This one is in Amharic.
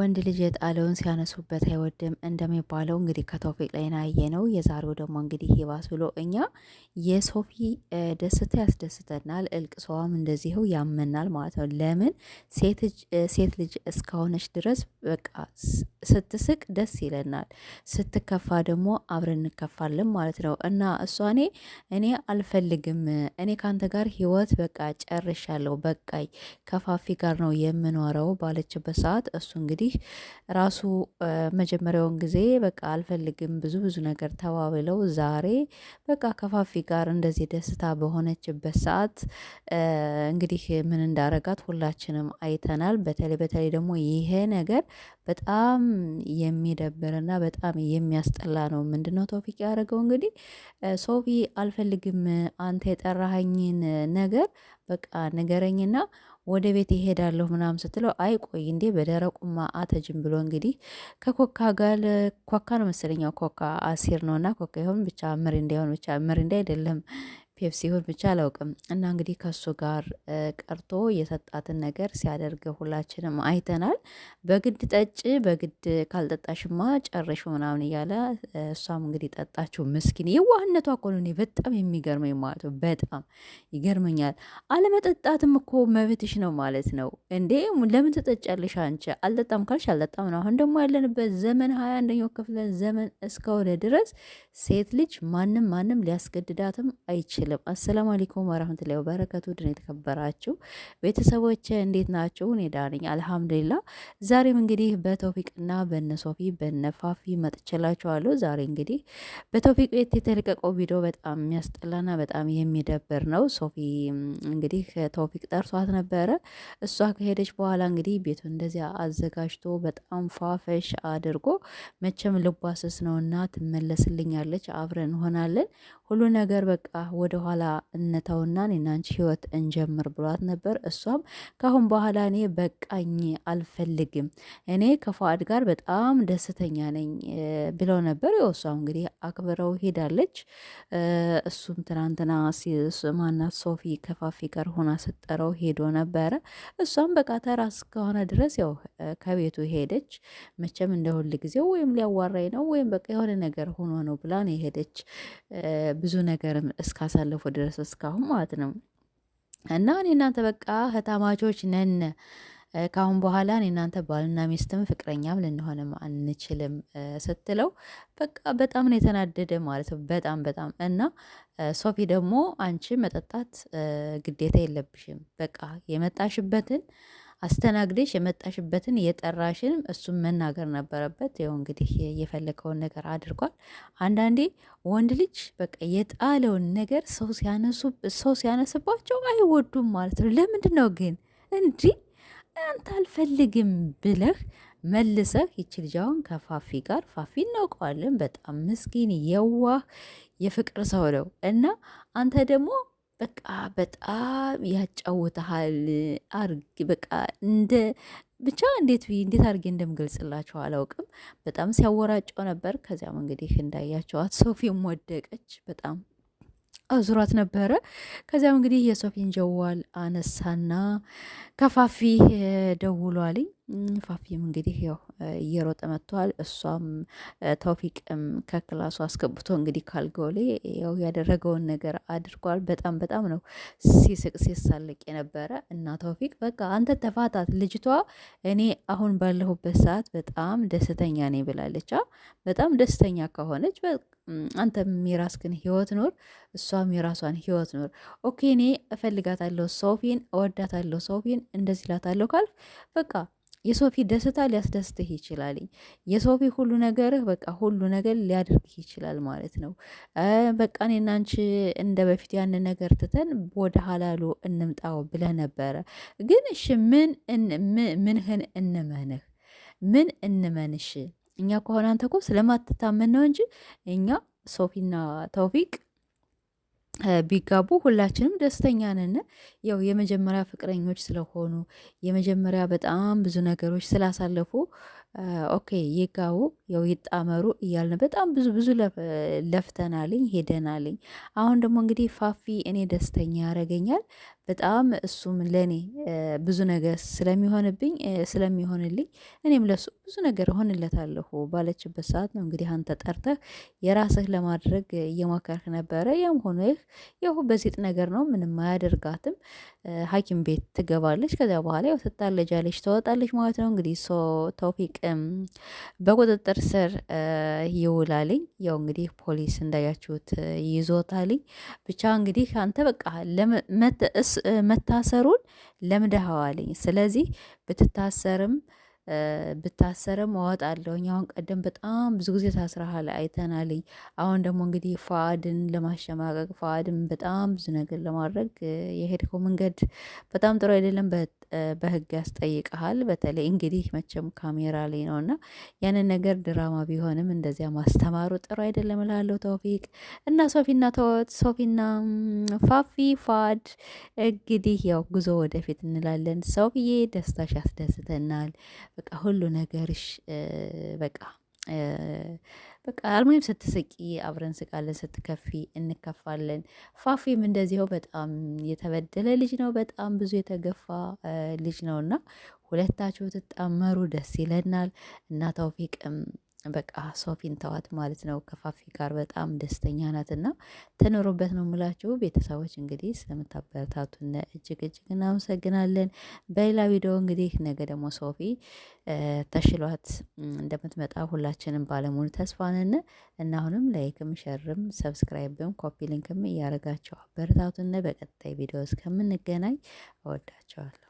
ወንድ ልጅ የጣለውን ሲያነሱበት አይወድም እንደሚባለው እንግዲህ ከቶፊቅ ላይ ናየ ነው። የዛሬው ደግሞ እንግዲህ ይባስ ብሎ እኛ የሶፊ ደስታ ያስደስተናል፣ እልቅሷም እንደዚህው ያመናል ማለት ነው። ለምን ሴት ልጅ እስከሆነች ድረስ በቃ ስትስቅ ደስ ይለናል፣ ስትከፋ ደግሞ አብረን እንከፋለን ማለት ነው። እና እሷ እኔ እኔ አልፈልግም እኔ ከአንተ ጋር ህይወት በቃ ጨርሻለሁ፣ በቃይ ከፋፊ ጋር ነው የምኖረው ባለችበት ሰዓት እሱ እንግዲህ እንግዲህ ራሱ መጀመሪያውን ጊዜ በቃ አልፈልግም ብዙ ብዙ ነገር ተባብለው ዛሬ በቃ ከፋፊ ጋር እንደዚህ ደስታ በሆነችበት ሰዓት እንግዲህ ምን እንዳረጋት ሁላችንም አይተናል። በተለይ በተለይ ደግሞ ይሄ ነገር በጣም የሚደብርና በጣም የሚያስጠላ ነው። ምንድነው ቶፊቅ ያደረገው እንግዲህ ሶፊ አልፈልግም አንተ የጠራኸኝን ነገር በቃ ንገረኝና ወደ ቤት ይሄዳለሁ ምናምን ስትለው አይ ቆይ እንዴ በደረቁማ አተጅም ብሎ እንግዲህ ከኮካ ጋር ኮካ ነው መሰለኛው ኮካ አሲር ነው እና ኮካ ይሆን ብቻ ምር እንዳይሆን ብቻ ምር እንዳይደለም ፔፕሲ ይሁን ብቻ አላውቅም። እና እንግዲህ ከእሱ ጋር ቀርቶ የሰጣትን ነገር ሲያደርግ ሁላችንም አይተናል። በግድ ጠጭ፣ በግድ ካልጠጣሽማ ጨረሽ ምናምን እያለ እሷም እንግዲህ ጠጣችው። ምስኪን የዋህነቷ እኮ ነው። እኔ በጣም የሚገርመኝ ማለት ነው፣ በጣም ይገርመኛል። አለመጠጣትም እኮ መብትሽ ነው ማለት ነው እንዴ። ለምን ትጠጫለሽ አንቺ? አልጠጣም ካልሽ አልጠጣም ነው። አሁን ደግሞ ያለንበት ዘመን ሀያ አንደኛው ክፍለ ዘመን እስከሆነ ድረስ ሴት ልጅ ማንም ማንም ሊያስገድዳትም አይችልም። አይደለም። አሰላሙ አለይኩም ወራህመቱላሂ ወበረካቱ። ድን የተከበራችሁ ቤተሰቦች እንዴት ናችሁ? እኔ ደህና ነኝ አልሐምዱሊላ። ዛሬም እንግዲህ በተውፊቅና በነሶፊ በነፋፊ መጥቼላችኋለሁ። ዛሬ እንግዲህ በቶፊቅ ቤት የተለቀቀው ቪዲዮ በጣም የሚያስጠላና በጣም የሚደብር ነው። ሶፊ እንግዲህ ቶፊቅ ጠርሷት ነበረ። እሷ ከሄደች በኋላ እንግዲህ ቤቱ እንደዚያ አዘጋጅቶ በጣም ፋፈሽ አድርጎ መቼም ልቧ ስስ ነውና ትመለስልኛለች አብረን እንሆናለን ሁሉ ነገር በቃ ወደ ወደኋላ እንተውና እኔና አንቺ ህይወት እንጀምር ብሏት ነበር። እሷም ካሁን በኋላ እኔ በቃኝ አልፈልግም፣ እኔ ከፏድ ጋር በጣም ደስተኛ ነኝ ብለው ነበር። ያው እሷም እንግዲህ አክብረው ሄዳለች። እሱም ትናንትና ማናት ሶፊ ከፋፊ ጋር ሆና ስጠረው ሄዶ ነበረ። እሷም በቃ ተራ እስከሆነ ድረስ ያው ከቤቱ ሄደች። መቼም እንደ ሁል ጊዜው ወይም ሊያዋራኝ ነው ወይም በቃ የሆነ ነገር ሆኖ ነው ብላ ነው የሄደች ብዙ ነገርም እስካሳለ እስካለፈው ድረስ እስካሁን ማለት ነው። እና እኔ እናንተ በቃ ህታማቾች ነን። ካሁን በኋላ እኔ እናንተ ባልና ሚስትም ፍቅረኛም ልንሆንም አንችልም ስትለው በቃ በጣም ነው የተናደደ ማለት ነው። በጣም በጣም እና ሶፊ ደግሞ አንቺ መጠጣት ግዴታ የለብሽም በቃ የመጣሽበትን አስተናግደሽ የመጣሽበትን የጠራሽን እሱም መናገር ነበረበት። ያው እንግዲህ የፈለገውን ነገር አድርጓል። አንዳንዴ ወንድ ልጅ በቃ የጣለውን ነገር ሰው ሲያነስባቸው አይወዱም ማለት ነው። ለምንድን ነው ግን እንዲህ አንተ አልፈልግም ብለህ መልሰህ ይቺ ልጅ አሁን ከፋፊ ጋር ፋፊ እናውቀዋለን። በጣም ምስኪን የዋህ የፍቅር ሰው ነው እና አንተ ደግሞ በቃ በጣም ያጫውተሃል። አርግ በቃ እንደ ብቻ እንዴት እንዴት አድርጌ እንደምገልጽላቸው አላውቅም። በጣም ሲያወራጨው ነበር። ከዚያም እንግዲህ እንዳያቸዋት ሶፊም ወደቀች። በጣም አዙራት ነበረ። ከዚያም እንግዲህ የሶፊን ጀዋል አነሳና ከፋፊ ደውሏልኝ። ፋፊም እንግዲህ ያው እየሮጠ መጥተዋል። እሷም ተውፊቅም ከክላሱ አስገብቶ እንግዲህ ካልጎሌ ያው ያደረገውን ነገር አድርጓል። በጣም በጣም ነው ሲስቅ ሲሳልቅ የነበረ እና ተውፊቅ በቃ አንተ ተፋታት፣ ልጅቷ እኔ አሁን ባለሁበት ሰዓት በጣም ደስተኛ ነኝ ብላለች። በጣም ደስተኛ ከሆነች አንተም የራስህን ህይወት ኖር፣ እሷም የራሷን ህይወት ኖር። ኦኬ እኔ እፈልጋታለሁ፣ ሶፊን እወዳታለሁ፣ ሶፊን እንደዚህ ላታለሁ ካልፍ በቃ የሶፊ ደስታ ሊያስደስትህ ይችላል። የሶፊ ሁሉ ነገርህ በቃ ሁሉ ነገር ሊያደርግህ ይችላል ማለት ነው። በቃ እኔና አንቺ እንደ በፊት ያንን ነገር ትተን ወደ ሀላሉ እንምጣው ብለህ ነበረ። ግን እሺ ምን ምንህን እንመንህ? ምን እንመንሽ? እኛ ከሆነ አንተ እኮ ስለማትታመን ነው እንጂ እኛ ሶፊና ተውፊቅ ቢጋቡ ሁላችንም ደስተኛ ነን። ያው የመጀመሪያ ፍቅረኞች ስለሆኑ የመጀመሪያ በጣም ብዙ ነገሮች ስላሳለፉ ኦኬ ይጋቡ፣ ያው ይጣመሩ እያልን በጣም ብዙ ብዙ ለፍተናልኝ ሄደናልኝ። አሁን ደግሞ እንግዲህ ፋፊ እኔ ደስተኛ ያደርገኛል በጣም እሱም ለእኔ ብዙ ነገር ስለሚሆንብኝ ስለሚሆንልኝ እኔም ለሱ ብዙ ነገር እሆንለታለሁ ባለችበት ሰዓት ነው እንግዲህ አንተ ጠርተህ የራስህ ለማድረግ እየሞከርህ ነበረ። ያም ሆኖ ይህ ያው በሴጥ ነገር ነው፣ ምንም አያደርጋትም። ሐኪም ቤት ትገባለች። ከዚያ በኋላ ያው ትታለጃለች፣ ትወጣለች ማለት ነው። እንግዲህ ተውፊቅ በቁጥጥር ስር ይውላልኝ። ያው እንግዲህ ፖሊስ እንዳያችሁት ይዞታልኝ። ብቻ እንግዲህ አንተ በቃ መታሰሩን ለምደኸዋለኝ። ስለዚህ ብትታሰርም ብታሰርም እወጣለሁኝ። አሁን ቀደም በጣም ብዙ ጊዜ ታስረሃል አይተናልኝ። አሁን ደግሞ እንግዲህ ፈዋድን ለማሸማቀቅ ፈዋድን በጣም ብዙ ነገር ለማድረግ የሄድከው መንገድ በጣም ጥሩ አይደለም። በህግ ያስጠይቀሃል። በተለይ እንግዲህ መቼም ካሜራ ላይ ነው እና ያንን ነገር ድራማ ቢሆንም እንደዚያ ማስተማሩ ጥሩ አይደለም እላለሁ። ተውፊቅ እና ሶፊና ተወት ሶፊና ፋፊ ፋድ እንግዲህ ያው ጉዞ ወደፊት እንላለን። ሰውዬ ደስታሽ ያስደስተናል። በቃ ሁሉ ነገርሽ በቃ በቃ አልሙኒም ስትስቂ አብረን ስቃለን፣ ስትከፊ እንከፋለን። ፋፊም እንደዚያው በጣም የተበደለ ልጅ ነው። በጣም ብዙ የተገፋ ልጅ እና ሁለታችሁ ትጣመሩ ደስ ይለናል እና ተውፊቅም በቃ ሶፊን ተዋት ማለት ነው። ከፋፊ ጋር በጣም ደስተኛ ናት እና ተኖሩበት ነው ምላችሁ። ቤተሰቦች። እንግዲህ ስለምታበረታቱን እጅግ እጅግ እናመሰግናለን። በሌላ ቪዲዮ እንግዲህ ነገ ደግሞ ሶፊ ተሽሏት እንደምትመጣ ሁላችንም ባለሙሉ ተስፋ ነን እና አሁንም ላይክም፣ ሸርም፣ ሰብስክራይብም ኮፒ ሊንክም እያደረጋችሁ አበረታቱን። በቀጣይ ቪዲዮ እስከምንገናኝ እወዳቸዋለሁ።